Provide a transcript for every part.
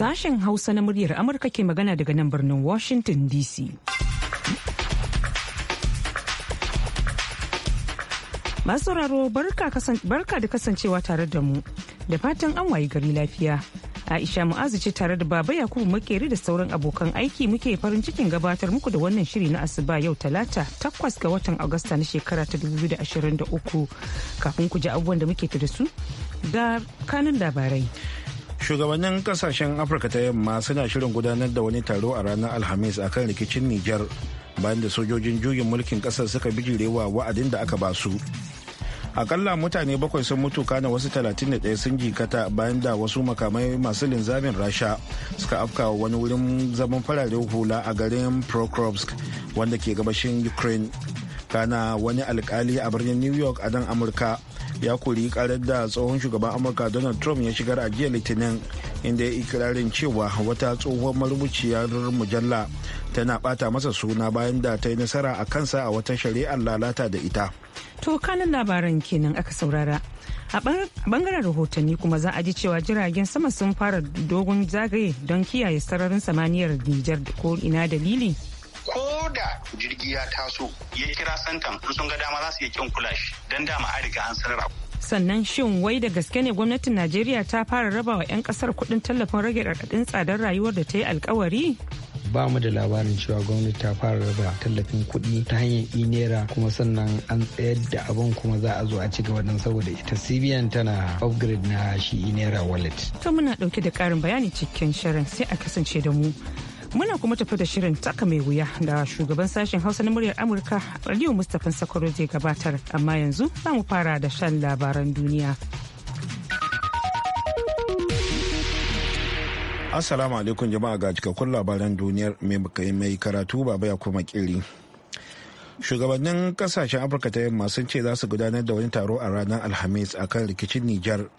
Sashen Hausa na muryar Amurka ke magana daga nan birnin Washington DC. Masu sauraro barka da kasancewa tare da mu da fatan an wayi gari lafiya. Aisha Mu'azu ce tare da Baba Yakubu Makeri da sauran abokan aiki muke farin cikin gabatar muku da wannan shiri na asuba yau Talata takwas ga watan Agusta na shekara ta 2023 kafin ku ji abubuwan da muke ta da su ga kanun labarai. shugabannin kasashen afirka ta yamma suna shirin gudanar da wani taro a ranar alhamis a kan rikicin niger bayan da sojojin juyin mulkin kasar suka bijirewa wa'adin da aka ba su akalla mutane bakwai sun mutu kana wasu 31 sun jikata bayan da wasu makamai masu linzamin rasha suka afka wani wurin zaman fararen hula a garin prokrovsk wanda ke gabashin ukraine kana wani alkali a birnin new york a dan amurka ya kori karar da tsohon shugaban amurka donald trump ya shigar a jiya litinin inda ya ikirarin cewa wata tsohuwar marubuciyar mujalla tana bata masa suna bayan da ta yi nasara a kansa a wata shari'ar lalata da ita to kanin labaran kenan aka saurara a bangaren rahotanni kuma za a ji cewa jiragen sama sun fara dogon zagaye don kiyaye sararin samaniyar nijar ko ina dalili ko da jirgi ya taso ya kira santan in sun ga dama za su iya kin kula shi don dama a riga an sanar sannan shin wai da gaske ne gwamnatin najeriya ta fara raba wa 'yan kasar kudin tallafin rage radadin tsadar rayuwar da ta yi alkawari ba mu da labarin cewa gwamnati ta fara raba tallafin kuɗi ta hanyar inera kuma sannan an tsayar da abin kuma za a zo a ci gaba don saboda ita cbn tana upgrade na shi inera wallet to muna ɗauke da karin bayani cikin shirin sai a kasance da mu muna kuma tafi da shirin taka mai wuya da shugaban sashen hausa na muryar amurka aliyu mustapha sakwaro zai gabatar amma yanzu za mu fara da shan labaran duniya assalamu alaikum jama'a ga cikakkun labaran duniyar mai karatu baba ya kuma kiri shugabannin kasashen afirka ta yamma sun ce za su gudanar da wani taro a ranar alhamis akan rikicin nijar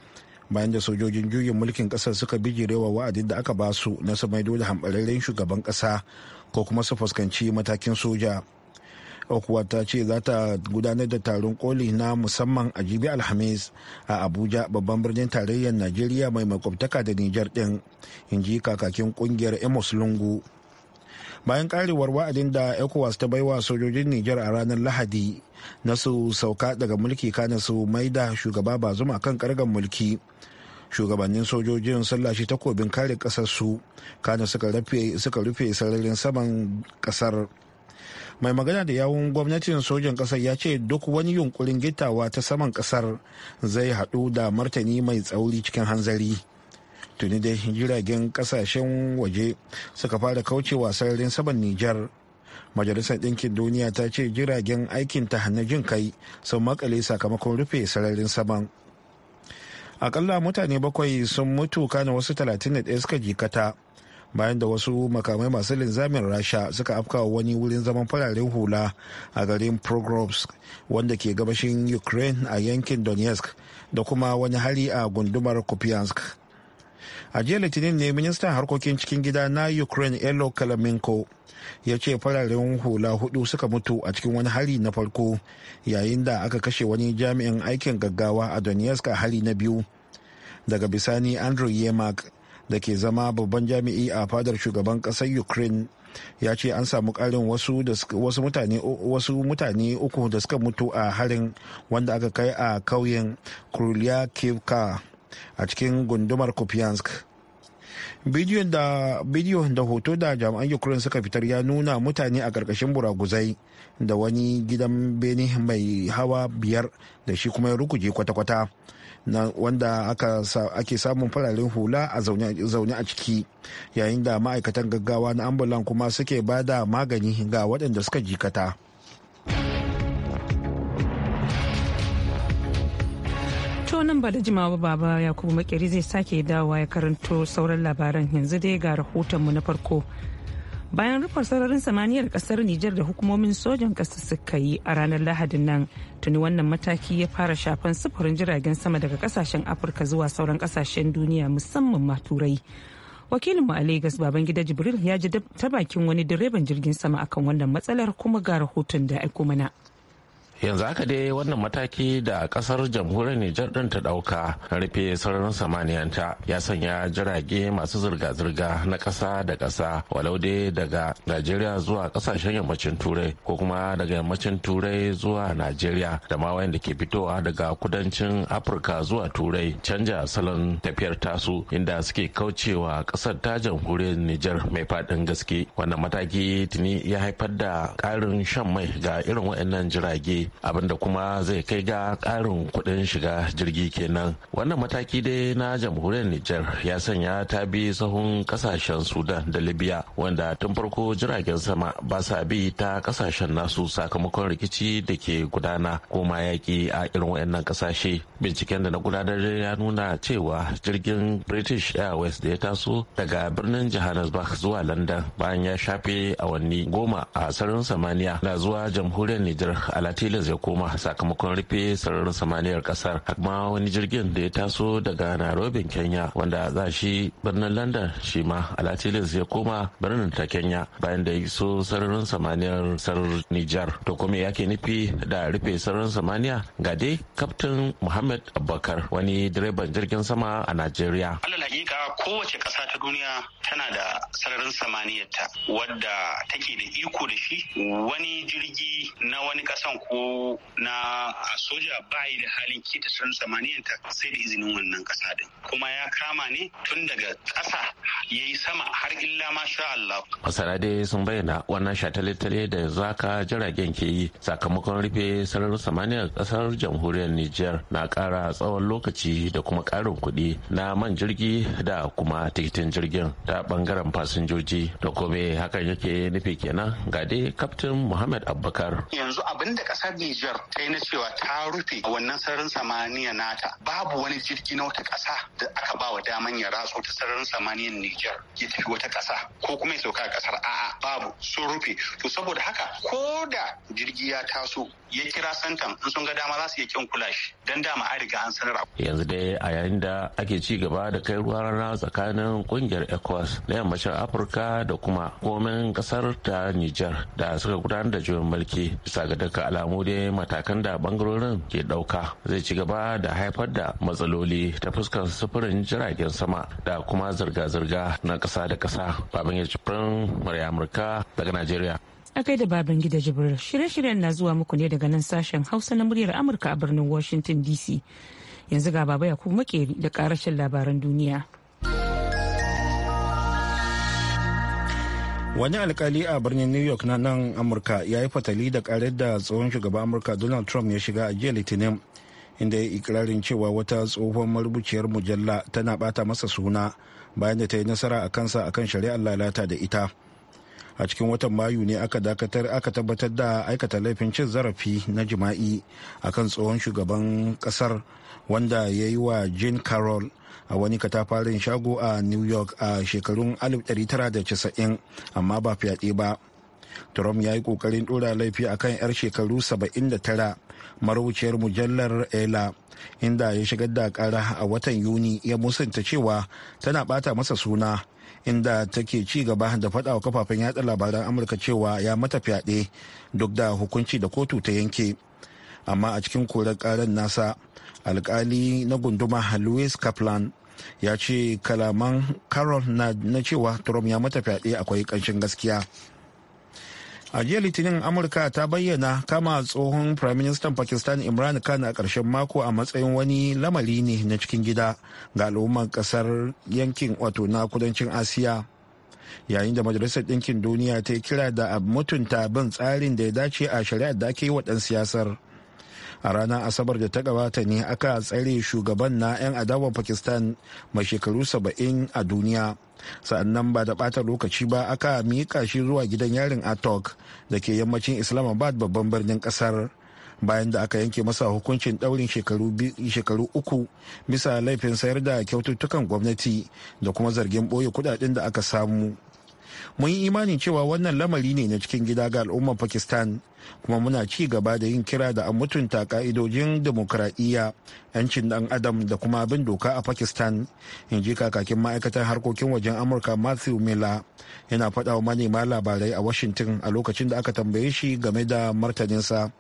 bayan da sojojin juyin mulkin kasar suka bijirewa wa'adin da aka basu na su maido da hambararren shugaban kasa ko kuma su fuskanci matakin soja okuwa ta ce za ta gudanar da taron koli na musamman a jibi alhamis a abuja babban birnin tarayyar najeriya mai makwabtaka da nijar din in ji kakakin kungiyar emus lungu bayan karewar wa'adin da ecowas ta baiwa sojojin niger a ranar lahadi na su sauka daga mulki kana su maida shugaba zuma kan kargan mulki shugabannin sojojin sun lashe takobin kare kasarsu kana suka rufe sararin saman kasar mai magana da yawun gwamnatin sojan kasar ya ce duk wani yunkurin gitawa ta saman kasar zai haɗu da martani mai tsauri cikin hanzari tuni dai jiragen kasashen waje suka fara kaucewa sararin saman nijar majalisar ɗinkin duniya ta ce jiragen aikin ta na jin kai sun makale sakamakon rufe sararin saman akalla mutane bakwai sun mutu kana wasu 31 suka jikata bayan da wasu makamai masu linzamin rasha suka afkawa wani wurin zaman fararen hula a garin progrovsk wanda ke gabashin ukraine a yankin donetsk da kuma wani hari a gundumar kupiansk a jiya litinin ne ministan harkokin cikin gida na ukraine elo kalaminko ya ce fararen hula hudu suka mutu a cikin wani hari na farko yayin da aka kashe wani jami'in aikin gaggawa a donetsk a hari na biyu daga bisani andrew yemak da ke zama babban jami'i a fadar shugaban kasar ukraine ya ce an samu karin wasu mutane uku da suka mutu a harin wanda aka kai a kauyen krulia kivka a cikin gundumar kupiansk bidiyo da hoto da jami'an ukraine suka fitar ya nuna mutane a ƙarƙashin buraguzai da wani gidan beni mai hawa biyar da shi kuma ya rukuje kwata-kwata wanda ake samun fararen hula a zaune a ciki yayin da ma'aikatan gaggawa na ambulan kuma suke ba da magani ga waɗanda suka jikata. nan ba da jimawa baba yakubu makeri zai sake dawowa ya karanto sauran labaran yanzu dai ga rahotonmu na farko bayan rufar sararin samaniyar kasar Nijar da hukumomin sojan kasa suka yi a ranar Lahadin nan tuni wannan mataki ya fara shafan sufurin jiragen sama daga kasashen Afirka zuwa sauran kasashen duniya musamman ma Turai. Wakilin mu a Lagos gida Jibril ya ji ta bakin wani direban jirgin sama akan wannan matsalar kuma ga rahoton da aiko mana. yanzu haka dai wannan mataki da kasar jamhuriyar nijar din ta dauka rufe sararin samaniyanta ya sanya jirage masu zirga-zirga na ƙasa da ƙasa, walau dai daga najeriya zuwa ƙasashen yammacin turai ko kuma daga yammacin turai zuwa najeriya da ma wayanda ke fitowa daga kudancin afirka zuwa turai canja salon tafiyar tasu inda suke kaucewa ƙasar ta jamhuriyar nijar mai faɗin gaske wannan mataki tuni ya haifar da ƙarin shan mai ga irin waɗannan jirage abinda kuma zai kai ga ƙarin kuɗin shiga jirgi kenan wannan mataki dai na jamhuriyar niger ya sanya ta bi sahun kasashen sudan da libya wanda tun farko jiragen sama ba sa bi ta kasashen nasu sakamakon rikici da ke gudana ko ma yaƙi a irin wayannan kasashe. binciken da na gudanar ya nuna cewa jirgin british airways da ya taso daga birnin johannesburg zuwa london bayan ya shafe awanni goma a sararin samaniya na zuwa jamhuriyar niger a latilin jirgin ya koma sakamakon rufe sararin samaniyar kasar ma wani jirgin da ya taso daga Nairobi Kenya wanda za shi birnin London shi ma alatilis zai koma birnin ta Kenya bayan da ya iso sararin samaniyar sarar Nijar to kuma yake nufi da rufe sararin samaniya ga dai kaftin Muhammad Abubakar wani direban jirgin sama a nigeria. Alal hakika kowace ƙasa ta duniya tana da sararin samaniyarta wadda take da iko da shi wani jirgi na wani ƙasan ko na a soja bayi da halin kita tsaron ta sai da izinin wannan kasa din kuma ya kama ne tun daga ƙasa ya yi sama har illa masha Allah. Masana dai sun bayyana wannan shataletale da yanzu haka jiragen ke yi sakamakon rufe sararin samaniyar ƙasar jamhuriyar Nijar na ƙara tsawon lokaci da kuma ƙarin kuɗi na man jirgi da kuma tikitin jirgin ta bangaren fasinjoji da kome hakan yake nufi kenan ga dai kaftin Muhammad Abubakar. Yanzu abin da ƙasar Niger ta yi na cewa ta rufe a wannan sararin samaniya nata babu wani jirgi na wata ƙasa da aka ba wa daman ya ratso ta sararin samaniyar Nijar ya tafi wata ƙasa ko kuma ya sauka ƙasar a'a babu sun rufe to saboda haka ko da jirgi ya taso ya kira santan in sun ga dama za su iya kyan kula shi dan dama an riga an sanar yanzu dai a yayin da ake ci gaba da kai ruwa rana tsakanin kungiyar ECOWAS na yammacin Afirka da kuma komen kasar ta Nijar da suka gudanar da juyin mulki bisa ga dukkan alamu dai matakan da bangarorin ke dauka zai ci gaba da haifar da matsaloli ta fuskar sufurin jiragen sama da kuma zirga-zirga na kasa da kasa babin ya cifirin murya amurka daga najeriya a kai da baban gida jibril shirye-shiryen na zuwa muku ne daga nan sashen hausa na muryar amurka a birnin washington dc yanzu ga baba yakubu makeri da karashin labaran duniya wani alkali a birnin new york na nan amurka ya yi fatali da karar da tsohon shugaban amurka donald trump ya shiga a jiya litinin inda ya yi ikirarin cewa wata tsohon marubuciyar mujalla tana bata masa suna bayan da ta yi nasara a kansa akan shari'ar lalata da ita a cikin watan mayu ne aka dakatar aka tabbatar da aikata laifin cin zarafi na jima'i akan tsohon shugaban kasar wanda ya yi wa jane carol. a wani katafarin shago a new york a shekarun 1990 amma ba fyaɗe ba trump ya yi kokarin dora laifi a kan 'yar shekaru 79 marubuciyar mujallar ela inda ya shigar da kara a watan yuni ya musanta cewa tana bata masa suna inda take ci gaba da faɗa wa kafafen yatsa labaran amurka cewa ya mata fyaɗe duk da hukunci da kotu ta yanke amma a cikin korar karar nasa alkali na gunduma louis kaplan ya ce kalaman karol na, na cewa trump ya mata fyaɗe akwai ƙanshin gaskiya a jiya litinin amurka ta bayyana kama tsohon firaministan pakistan imran khan a ƙarshen mako a matsayin wani lamari ne na cikin gida ga al'ummar ƙasar yankin wato na kudancin asiya yayin da majalisar ɗinkin duniya ta yi kira da mutunta bin tsarin da ya dace a shari'ar da ake yi wa ɗan siyasar a ranar asabar da ta gabata ne aka tsare shugaban na 'yan adawar pakistan mai shekaru 70 a duniya sa'annan ba da bata lokaci ba aka miƙa shi zuwa gidan yarin atok da ke yammacin islamabad babban birnin kasar bayan da aka yanke masa hukuncin daurin shekaru uku bisa laifin sayar da kyaututtukan gwamnati da kuma zargin ɓoye kudaden da aka samu mun yi imanin cewa wannan lamari ne na cikin gida ga al'ummar pakistan kuma muna ci gaba da yin kira da a mutunta ka'idojin demokuraɗiyya 'yancin ɗan adam da kuma bin doka a pakistan in ji kakakin ma'aikatar harkokin wajen amurka matthew miller yana faɗawa manema labarai a washington a lokacin da aka tambaye shi game da martaninsa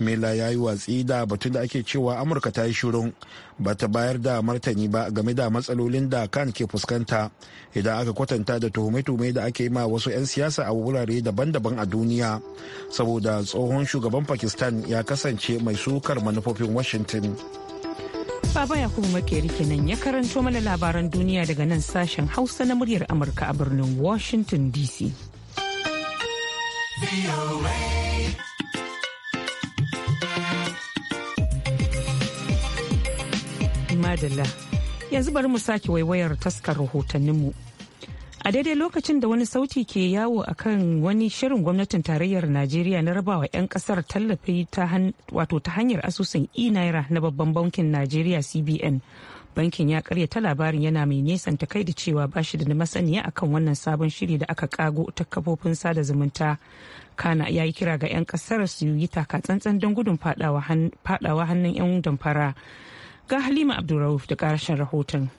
mela ya yi watsi da batun da ake cewa amurka ta yi shirun ba ta bayar da martani ba game da matsalolin da kan ke fuskanta idan aka kwatanta da tuhume-tuhume da ake yi ma wasu 'yan siyasa a wurare daban-daban a duniya saboda tsohon shugaban pakistan ya kasance mai sukar manufofin washington Baba Yakubu Makeri kenan ya karanto mana labaran duniya daga nan sashen Hausa na muryar Amurka a birnin Washington DC. madalla yanzu bari mu sake waiwayar taskar rahotanninmu a daidai lokacin da wani sauti ke yawo a kan wani shirin gwamnatin tarayyar najeriya na rabawa 'yan kasar tallafi wato ta hanyar asusun e-naira na babban bankin najeriya cbn bankin ya karya ta labarin yana mai nisan ta kai da cewa ba shi da na masaniya akan wannan sabon shiri da aka kago ta kafofin sada zumunta kana ya yi kira ga 'yan kasar su yi taka tsantsan don gudun fadawa hannun 'yan damfara Ga Halima Abdulrauf da ƙarshen rahoton.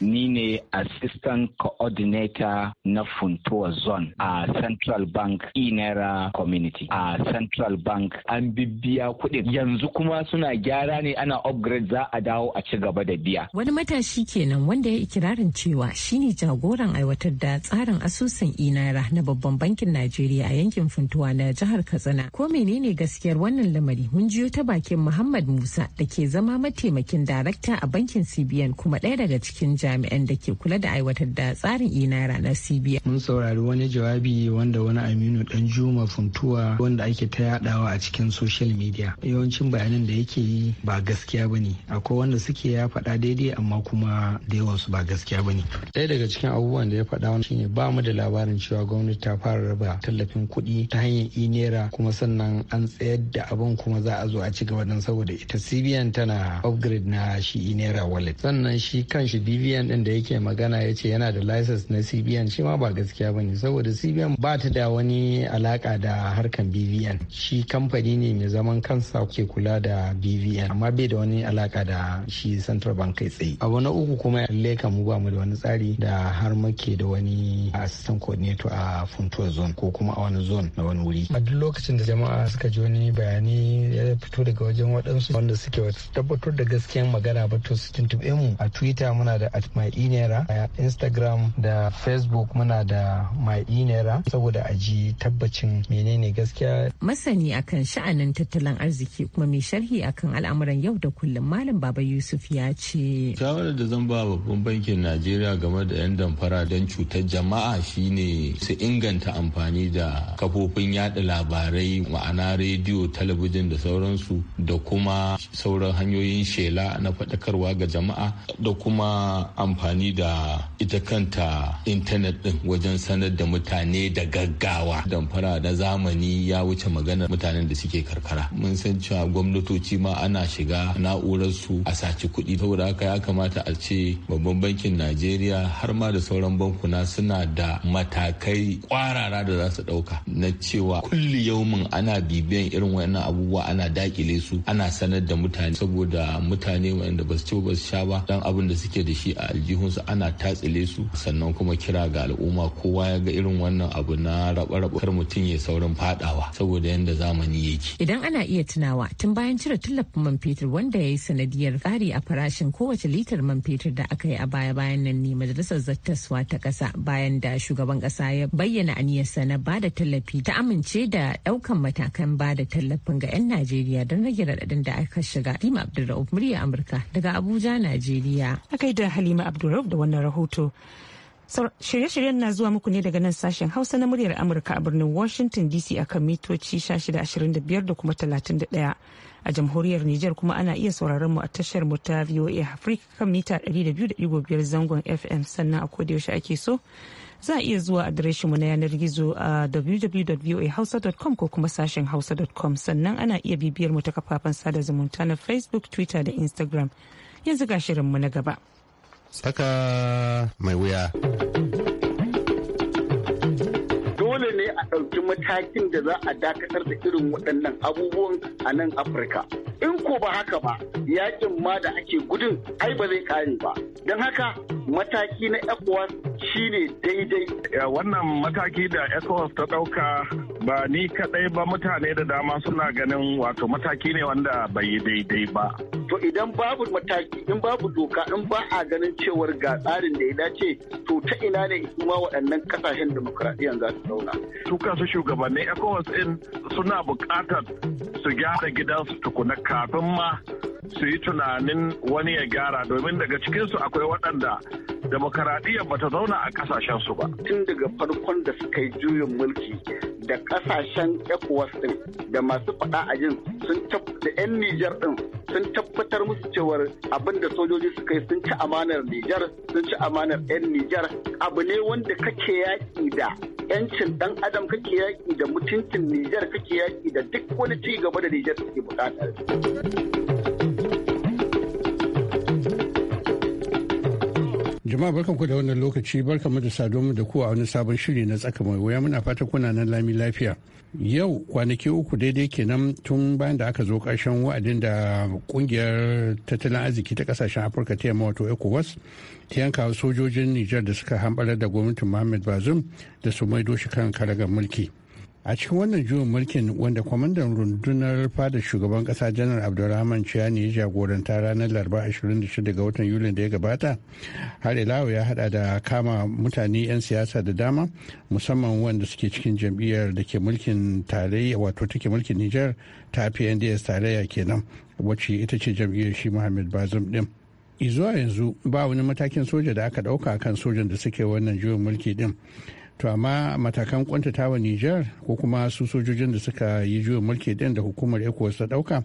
ni ne assistant coordinator na funtuwa zone a central bank inera community a central bank an bibbiya kuɗin yanzu kuma suna gyara ne ana upgrade za a dawo a ci gaba da biya wani matashi kenan wanda ya ikirarin cewa shine jagoran aiwatar da tsarin asusun inera na babban bankin najeriya a yankin funtuwa na jihar katsina ko menene gaskiyar wannan lamari mun jiyo ta bakin muhammad musa da ke zama mataimakin darakta a bankin cbn kuma ɗaya daga cikin jami'an da ke kula da aiwatar da tsarin inara na cbi mun saurari wani jawabi wanda wani aminu dan juma funtuwa wanda ake ta yadawa a cikin social media yawancin bayanan da yake yi ba gaskiya ba ne akwai wanda suke ya faɗa daidai amma kuma da yawansu ba gaskiya ba ne ɗaya daga cikin abubuwan da ya faɗa wani shine ba mu da labarin cewa gwamnati ta fara raba tallafin kuɗi ta hanyar inera kuma sannan an tsayar da abin kuma za a zo a ci gaba don saboda ita cbn tana upgrade na shi inera wallet sannan shi kanshi shi cbn din da yake magana ya ce yana da license na cbn shi ma ba gaskiya bane saboda cbn ba ta da wani alaka da harkan bvn shi kamfani ne mai zaman kansa ke kula da bvn amma bai da wani alaka da shi central bank kai tsaye abu na uku kuma lalle ka mu ba mu da wani tsari da har muke da wani assistant coordinator a funtua zone ko kuma a wani zone na wani wuri a duk lokacin da jama'a suka ji wani bayani ya fito daga wajen waɗansu wanda suke tabbatar da gaskiyan magana ba to su tuntuɓe mu a twitter muna da at my inera a instagram da facebook muna da my inera saboda a ji tabbacin menene gaskiya masani akan sha'anin tattalin arziki kuma mai sharhi akan al'amuran yau da kullum malam baba yusuf ya ce shawarar da zan ba babban bankin najeriya game da yan damfara don cutar jama'a shine su inganta amfani da kafofin yada labarai ma'ana rediyo talabijin da sauransu da kuma sauran hanyoyin shela na faɗakarwa ga jama'a da kuma amfani da ita kanta intanet ɗin wajen sanar da mutane da gaggawa damfara na zamani ya wuce maganar mutanen da suke karkara mun san cewa gwamnatoci ma ana shiga na'urar a saci kuɗi saboda haka ya kamata a ce babban bankin najeriya har ma da sauran bankuna suna da matakai kwarara da za su ɗauka na cewa kulli yaumin ana bibiyan irin wayannan abubuwa ana dakile su ana sanar da mutane saboda mutane wanda ba su ci ba su sha ba dan abin da suke da shi a aljihunsu ana tatsile su sannan kuma kira ga al'umma kowa ya ga irin wannan abu na raba-raba kar mutum ya saurin fadawa saboda yadda zamani yake. Idan ana iya tunawa tun bayan cire tallafin man fetur wanda ya yi sanadiyar ƙari a farashin kowace litar man fetur da aka yi a baya-bayan nan ne majalisar zattaswa ta ƙasa bayan da shugaban ƙasa ya bayyana aniyarsa na ba da tallafi ta amince da ɗaukan matakan ba da tallafin ga 'yan Najeriya don rage raɗaɗin da aka shiga. Halima Abdulrahman murya Amurka daga Abuja, Najeriya. Akai da Halima Halima Abdulrauf da wannan rahoto. Shirye-shiryen na zuwa muku ne daga nan sashen Hausa na muryar Amurka a birnin Washington DC akan mitoci 1625 da kuma 31. A jamhuriyar Nijar kuma ana iya sauraron mu a tashar mu ta VOA Africa kan mita 200.5 zangon FM sannan a yaushe ake so. Za a iya zuwa adireshin mu na yanar gizo a www.voahausa.com ko kuma sashen hausa.com sannan ana iya bibiyar mu ta kafafen sada zumunta na Facebook, Twitter da Instagram. Yanzu ga shirin mu na gaba. Saka mai wuya. ne a ɗauki matakin da za a dakatar da irin waɗannan abubuwan a nan Afirka. In ko ba haka ba, yakin ma da ake gudun ai ba zai kare ba. Don haka mataki na ECOWAS shine daidai. Wannan mataki da ECOWAS ta ɗauka ba ni kaɗai ba mutane da dama suna ganin wato mataki ne wanda bai yi daidai ba. To idan babu mataki, in babu doka, in ba a ganin cewar ga tsarin da ya dace, to ta ina ne kuma waɗannan kasashen demokuraɗiyyar za su zauna. su kansu shugabannin ecowas in suna bukatar su gyara gidansu tukuna kafin ma su yi tunanin wani ya gyara domin daga cikinsu akwai waɗanda demokaradiyya ba ta zauna a kasashen su ba tun daga farkon da suka yi juyin mulki da kasashen ecowas din da masu faɗa a jin sun da 'yan nijar din sun tabbatar musu cewar abin da sojoji suka yi sun ci amanar nijar sun ci amanar 'yan nijar abu ne wanda kake yaƙi da 'yancin dan adam kake yaƙi da mutuncin nijar kake yaƙi da duk wani ci gaba da nijar suke buƙatar. Jama'a barkanku da wannan lokaci mu da mu da ku a wani sabon shiri na tsaka mai wuya muna fata kuna nan lami lafiya. Yau kwanaki uku daidai kenan tun bayan da aka zo karshen wa'adin da kungiyar tattalin arziki ta kasashen Afirka ta yamma wato ECOWAS ta yanka sojojin Nijar da suka hambarar da gwamnatin Mohamed bazum da su maido shi kan karagar mulki. a cikin wannan juyin mulkin wanda kwamandan rundunar fada shugaban kasa janar abdulrahman ciyani ya jagoranta ranar laraba 26 ga watan yulin da ya gabata har ilawa ya hada da kama mutane 'yan siyasa da dama musamman wanda suke cikin jam'iyyar da ke mulkin tarayya wato take mulkin niger ta pnds tarayya kenan wacce ita ce jam'iyyar shi muhammad bazum din izuwa yanzu ba wani matakin soja da aka dauka kan sojan da suke wannan juyin mulki din to amma matakan kwantatawa niger ko kuma su sojojin da suka yi juyin mulki din da hukumar ecowas ta dauka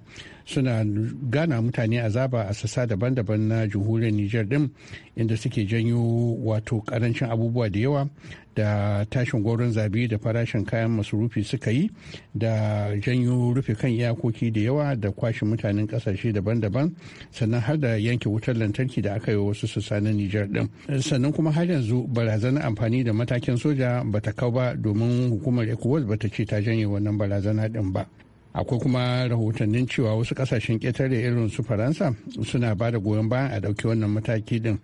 suna gana mutane azaba a sassa daban-daban na jamhuriyar Nijar din inda suke janyo wato karancin abubuwa da yawa da tashin gwauron zabi da farashin kayan masurufi suka yi da janyo rufe kan iyakoki da yawa da kwashe mutanen kasashe daban-daban sannan har da yanke wutar lantarki da aka yi wasu sassa na Nijar din sannan kuma har yanzu barazanar amfani da matakin soja bata kau ba domin hukumar ECOWAS bata ce ta janye wannan barazana din ba akwai kuma rahotannin cewa wasu kasashen ƙetare irin su faransa suna ba da goyon bayan a ɗauki wannan mataki din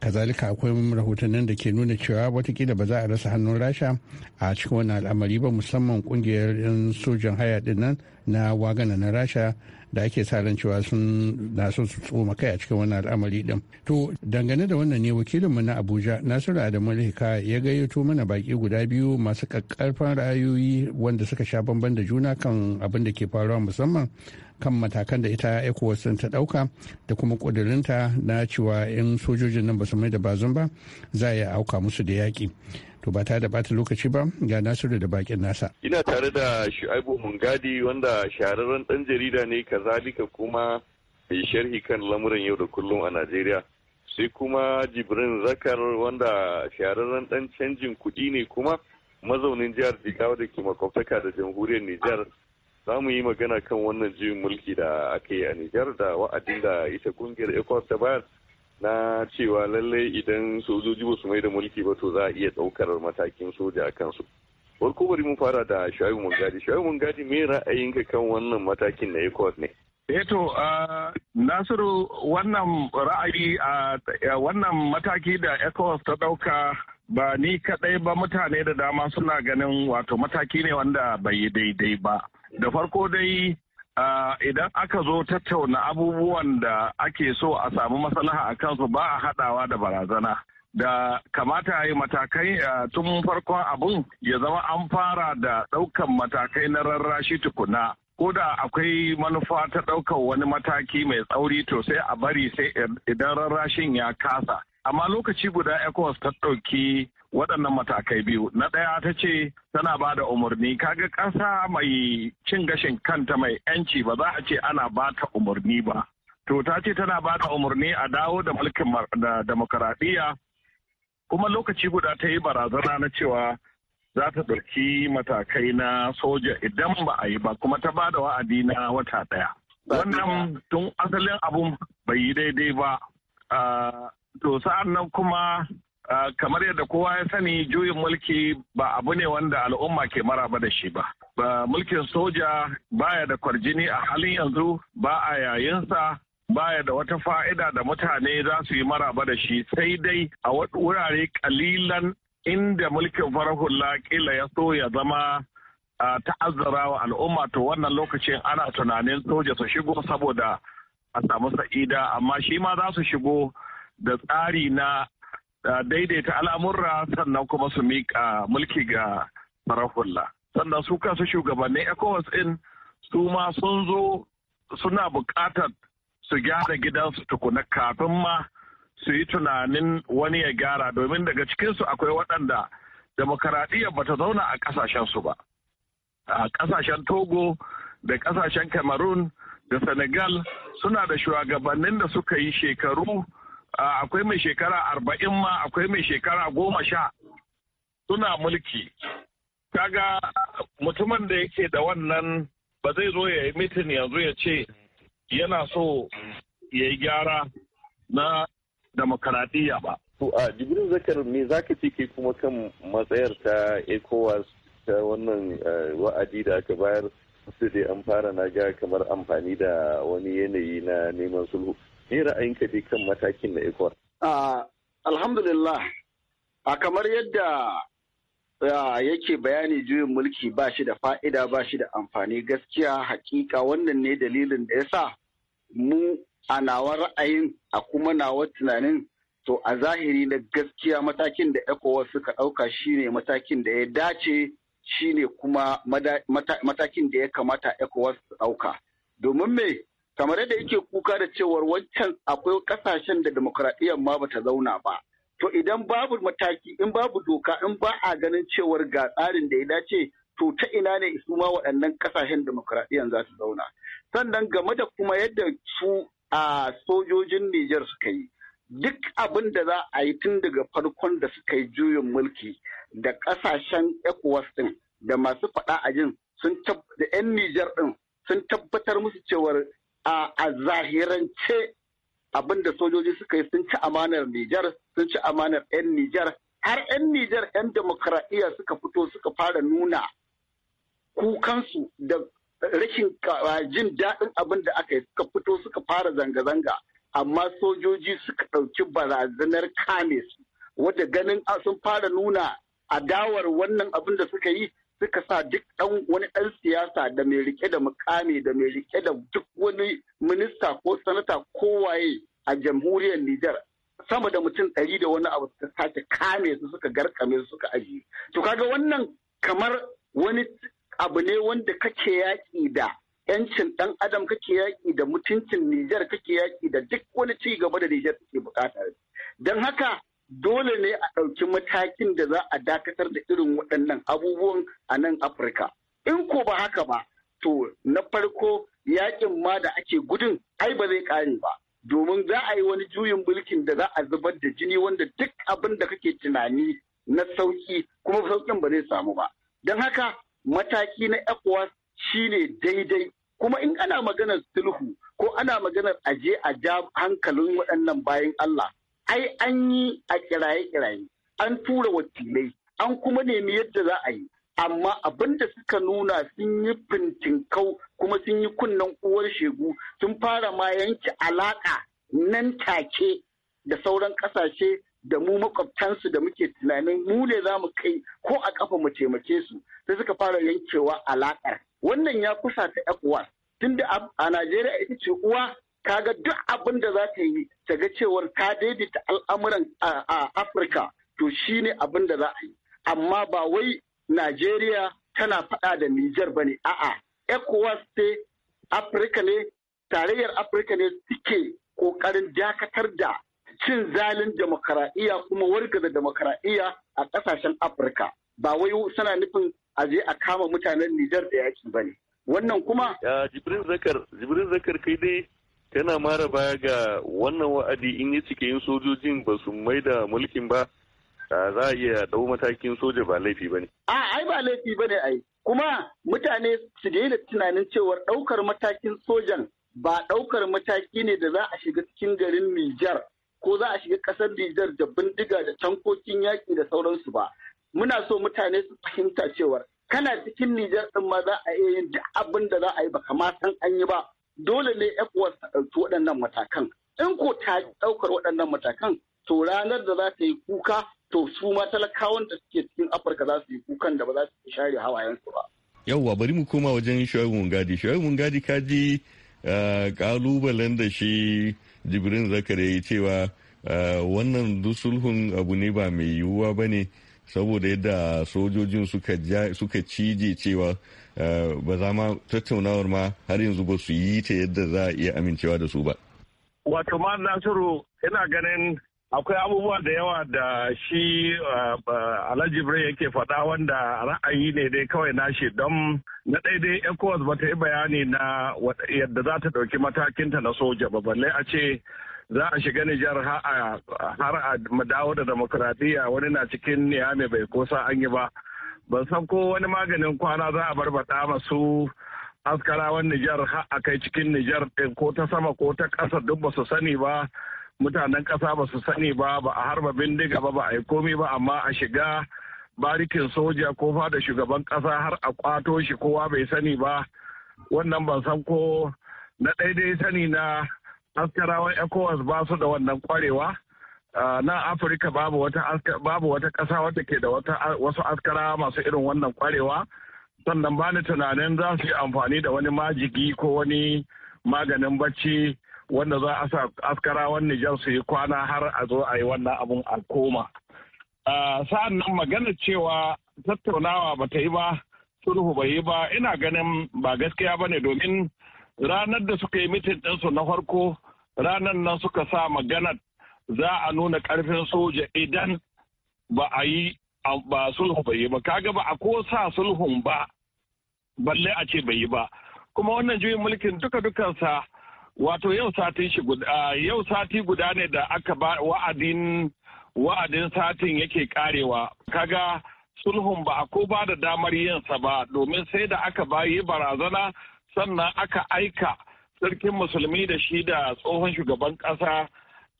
kazalika akwai rahotannin da ke nuna cewa watakila ba za a rasa hannun rasha a cikin wannan al'amari ba musamman ƙungiyar yan sojan haya din na wagana na rasha da ake sa ran cewa sun na so su tsoma kai a cikin wannan al'amari din to dangane da wannan ne wakilinmu na abuja nasiru adamu lihika ya gayyato mana baki guda biyu masu kakkarfan ra'ayoyi wanda suka sha bamban da juna kan abin da ke faruwa musamman kan matakan da ita ecowas ta dauka da kuma kudurinta na cewa in sojojin nan ba su mai da bazun ba za a auka musu da yaƙi to ba tare da bata lokaci ba ga nasiru da bakin nasa ina tare da shu'aibu mungadi wanda shahararren dan jarida ne kazalika kuma mai sharhi kan lamuran yau da kullum a najeriya sai kuma jibrin zakar wanda shahararren dan canjin kuɗi ne kuma mazaunin jihar jigawa da ke makwabtaka da jamhuriyar nijar za mu yi magana kan wannan juyin mulki da aka yi a nijar da wa'adin da ita kungiyar ecuador ta bayar na cewa lallai idan sojoji ba su mai da mulki ba to za a iya ɗaukar matakin soja a kansu. Farko bari mu fara da Shayu Mungadi. Shayu Mungadi me ra'ayinka kan wannan matakin na ECOWAS ne? Eto, eh Nasiru wannan ra'ayi a wannan mataki da ECOWAS ta ɗauka ba ni kaɗai ba mutane da dama suna ganin wato mataki ne wanda bai daidai ba. Da farko dai idan aka zo tattauna abubuwan da ake so a samu maslaha a kansu ba a haɗawa da barazana. da kamata a yi matakai tun farkon abun ya zama an fara da ɗaukan matakai na rarrashi tukuna ko da akwai manufa ta ɗaukar wani mataki mai tsauri to sai a bari sai idan rarrashin ya kasa amma lokaci guda ecowas ta ɗauki waɗannan matakai biyu na ɗaya ta ce tana ba da umarni kaga ƙasa mai cin gashin kanta mai 'yanci ba za a ce ana ba ta umarni ba to ta ce tana ba da umarni a dawo da mulkin demokaradiyya kuma lokaci guda ta yi barazana na cewa za ta ɗauki matakai na soja idan ba a yi ba kuma ta ba da wa'adi na wata ɗaya wannan tun asalin abun bai yi daidai ba ah, to sa'an nan kuma kamar yadda kowa ya sani juyin mulki ba abu ne wanda al'umma ke maraba da shi ba. Mulkin soja baya da kwarjini a halin yanzu ba a yayinsa baya da wata fa'ida da mutane za su yi maraba da shi sai dai a wurare kalilan inda mulkin farahulla kila ya so ya zama ta'azzara wa al'umma to wannan lokacin ana tunanin soja su shigo saboda a samu sa'ida amma shi ma za su shigo da tsari na daidaita al'amurra sannan kuma su miƙa mulki ga farahulla sannan su kansu shugabannin ecowas in su ma sun zo suna buƙatar su gyara gidansu tukuna kafin ma su yi tunanin wani ya gyara domin daga cikinsu akwai waɗanda demokaradiyya ba ta zauna a ƙasashensu ba a ƙasashen togo da ƙasashen cameroon da senegal suna da shugabannin da suka yi shekaru akwai mai shekara arba'in ma akwai mai shekara goma sha suna mulki kaga mutumin da yake da wannan ba zai zo ya yi mitin yanzu ya ce yana so ya yi gyara na demokaradiyya ba. To a jibirin Zakar me za ka ke kuma kan matsayar ta ECOWAS ta wannan wa'adi da aka bayar su dai an fara na ga kamar amfani da wani yanayi na neman sulhu. Me ra'ayinka dai kan matakin na ikon? Alhamdulillah, a kamar yadda yake bayani juyin mulki ba shi da fa'ida ba shi da amfani gaskiya hakika wannan ne dalilin da ya sa mu a nawa ra'ayin a kuma nawa tunanin to a zahiri na gaskiya matakin da ECOWAS suka ɗauka shine matakin da ya dace shine kuma matakin da ya kamata ECOWAS su ɗauka. Domin me kamar yadda yake kuka da cewar wancan akwai kasashen da demokuraɗiyyar ma bata zauna ba to idan babu mataki in babu doka in ba a ganin cewar ga tsarin da ya dace to ta ina ne su ma waɗannan kasashen demokuraɗiyyar za su zauna sannan game da kuma yadda su a sojojin Nijar suka yi duk abin da za a yi tun daga farkon da suka yi juyin mulki da kasashen ECOWAS din da masu faɗa a jin sun da 'yan Nijar din sun tabbatar musu cewar a zahirance abinda sojoji suka yi sun ci amanar Nijar sun ci amanar 'yan Nijar har 'yan Nijar 'yan demokradiyya suka fito suka fara nuna kukansu da rashin jin daɗin abin da aka yi suka fito suka fara zanga-zanga amma sojoji suka ɗauki barazanar kame su wadda ganin sun fara nuna a dawar wannan abin da suka yi suka sa duk dan wani dan siyasa da mai rike da mukami da mai rike da duk wani minista ko sanata kowaye a jamhuriyar Nijar sama da mutum ɗari da wani abu suka sace kame su suka garkame su suka ajiye. To kaga wannan kamar wani abu ne wanda kake yaƙi da yancin ɗan adam kake yaƙi da mutuncin Nijar kake yaƙi da duk wani ci gaba da Nijar take bukata. Don haka dole ne a ɗauki matakin da za a dakatar da irin waɗannan abubuwan a nan Afirka. In ko ba haka ba, to na farko yakin ma da ake gudun ai ba zai ƙare ba. Domin za a yi wani juyin mulkin da za a zubar da jini wanda duk abin da kake tunani na sauki kuma sauƙin ba zai samu ba. Don haka mataki na ECOWAS shine daidai kuma in ana maganar sulhu ko ana maganar aje a ja hankalin waɗannan bayan Allah ai an yi a kiraye-kiraye an tura wakilai an kuma nemi yadda za a yi amma abin da suka nuna sun yi fintinkau kuma sun yi kunnen uwar shegu sun fara ma yanke alaka nan take da sauran kasashe da mu makwabtansu da muke tunanin mu ne za mu kai ko a kafa mu taimake su sai suka fara yankewa alakar wannan ya kusa ta ecowas tunda a najeriya ita ce uwa kaga duk abin da za ta yi ta ga cewar ta daidaita al'amuran a afirka to shi ne abin da za a yi amma ba wai najeriya tana faɗa da nijar ba ne a'a ecowas ce afirka ne tarayyar afirka ne suke ƙoƙarin dakatar da cin zalin demokaraɗiyya kuma wargaza demokaraɗiyya a ƙasashen afirka ba wai suna nufin a je a kama mutanen nijar da yaki ba ne wannan kuma Jibrin zakar Jibrin zakar kai dai tana mara baya ga wannan wa'adi in ya cike yin sojojin ba su mai da mulkin ba za a iya dau matakin soja ba laifi ba ne. A ai ba laifi ba ne ai. Kuma mutane su daina tunanin cewar ɗaukar matakin sojan ba ɗaukar mataki ne da za a shiga cikin garin Nijar ko za a shiga ƙasar Nijar da bindiga da tankokin yaƙi da sauransu ba. Muna so mutane su fahimta cewar kana cikin Nijar ɗin ma za a iya yin duk abin da za a yi ba kama san an yi ba dole ne ekuwar ta ɗauki waɗannan matakan. In ko ta ɗaukar waɗannan matakan to ranar da za ta yi kuka to su ma talakawan da suke cikin Afirka za su yi kukan da ba za su share hawayensu ba. Yawwa bari mu koma wajen Shoaib Mungadi. Shoaib Mungadi ka ji kalubalen ah, da shi Jibrin Zakare ya cewa ah, wannan sulhun abu ne ba mai yiwuwa ba ne saboda yadda sojojin suka cije cewa Eh, ba za ma tattaunawar ma har yanzu ba su yi ta yadda za a iya amincewa da su ba. Wato ma Nasiru ina ganin akwai abubuwa da yawa da shi eh, eh, Alhaji Bire yake faɗa wanda ra'ayi ne dai kawai nashi don na daidai ECOWAS ba ta yi bayani na yadda za ta ɗauki matakinta na soja ba balle a ce za a shiga Nijar har a dawo da demokuraɗiyya wani na cikin niyami bai kosa an yi ba. ban san ko wani maganin kwana za a barbata masu askarawan Nijar har a kai cikin Nijar ɗin ko ta sama ko ta ƙasa duk ba su sani ba mutanen ƙasa ba su sani ba ba a harba bindiga ba ba a yi komi ba amma a shiga barikin soja ko da shugaban ƙasa har a kwato shi kowa bai sani ba wannan ban san ko na daidai sani na askarawan ECOWAS ba su da wannan kwarewa na afirka babu wata babu wata ƙasa wata ke da wasu askara masu irin wannan kwarewa sannan ba ni tunanin za su yi amfani da wani majigi ko wani maganin bacci wanda za a sa askara wani Nijar su yi kwana har a zo a yi wannan abun a koma. Sa'an nan magana cewa tattaunawa ba ta yi ba, sulhu ba yi ba, ina ganin ba gaskiya ba ne domin ranar da suka yi mitin ɗinsu na farko, ranar nan suka sa magana za a nuna karfin soja idan ba a yi ba sulhu bai yi ba kaga ba a ko sa sulhun ba balle a ce bai yi ba kuma wannan juyin mulkin duka dukansa wato yau sati shi guda yau sati guda ne da aka ba wa'adin wa'adin satin yake karewa kaga sulhun ba a ko ba da damar yinsa ba domin sai da aka bayi barazana sannan aka aika sarkin musulmi da shi da tsohon shugaban ƙasa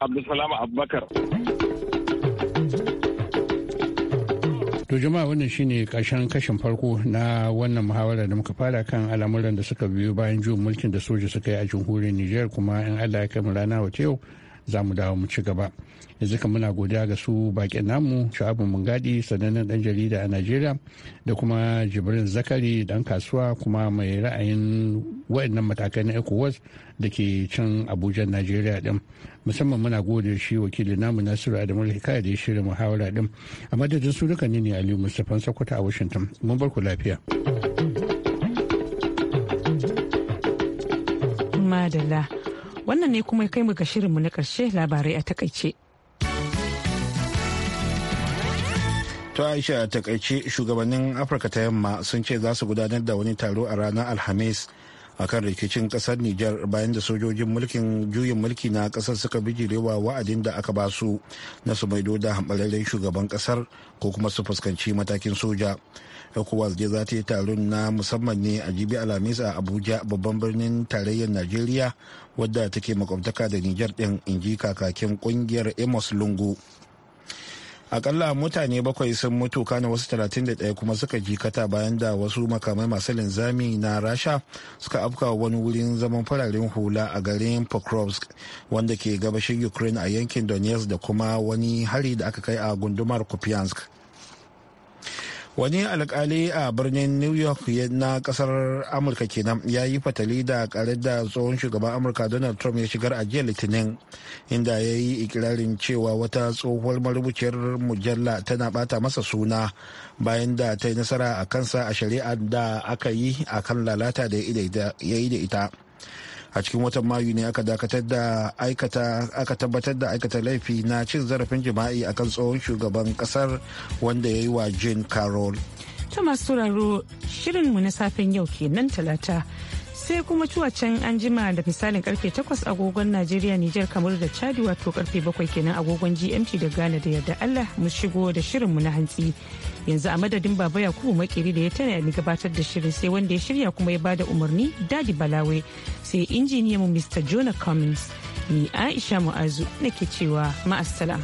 Abdulsalam Abubakar. To jama'a wannan shine karshen kashin farko na wannan muhawara da muka fara kan al'amuran da suka biyo bayan juyin mulkin da soja suka yi a jamhuriyar Nijar kuma in Allah ya kai mu rana wata yau za mu dawo mu ci gaba yanzu kan muna godiya ga su bakin namu shu'abu mungadi sanannen ɗan jarida a najeriya da kuma jibrin zakari dan kasuwa kuma mai ra'ayin waɗannan matakai na ecowas da ke can abuja najeriya din musamman muna gode shi wakilin namu nasiru adamu hikaya da ya shirya muhawara din a madadin su duka ne ne aliyu mustapha sokoto a washington mun bar ku lafiya madalla Wannan ne kuma kai mu ga shirinmu na ƙarshe labarai a takaice. To Aisha a takaice shugabannin Afirka ta yamma sun ce za su gudanar da wani taro a ranar Alhamis a kan rikicin kasar Nijar bayan da sojojin mulkin juyin mulki na kasar suka bijirewa wa'adin da aka basu na su maido da hambararren shugaban kasar ko kuma su fuskanci matakin soja. ECOWAS dai za ta yi taron na musamman ne a jibi Alhamis a Abuja babban birnin tarayyar Najeriya wadda take makwabtaka da Nijar din inji kakakin kungiyar Amos Lungu. akalla mutane bakwai sun mutu kana wasu 31 kuma suka jikata bayan da wasu makamai masu linzami na rasha suka afka wani wurin zaman fararen hula a garin pokrovsk wanda ke gabashin ukraine a yankin donetsk da kuma wani hari da aka kai a gundumar kupiansk wani alkali a birnin new york na kasar amurka kenan ya yi fatali da kare da tsohon shugaban amurka donald trump ya shigar a jiya litinin inda ya yi ikirarin cewa wata tsohuwar marubuciyar mujalla tana bata masa suna bayan da ta yi nasara a kansa a shari'a da aka yi a kan lalata da ya yi da ita a cikin watan mayu ne aka dakatar da aikata aka tabbatar da aikata laifi na cin zarafin jima'i akan tsohon shugaban kasar wanda ya yi wa jane carol. ta masu sauraro mu na safen yau kenan talata sai kuma can an jima da misalin karfe 8 agogon najeriya nijar kamar da chadi wato karfe 7 kenan agogon gmt da ghana da yarda allah mu shigo da shirin mu na hantsi yanzu a madadin baba yakubu makeri da ya tana ni gabatar da shirin sai wanda ya shirya kuma ya bada umarni dadi balawe sai injiniyan mr jonah cummins ni aisha mu'azu nake cewa ma'asala.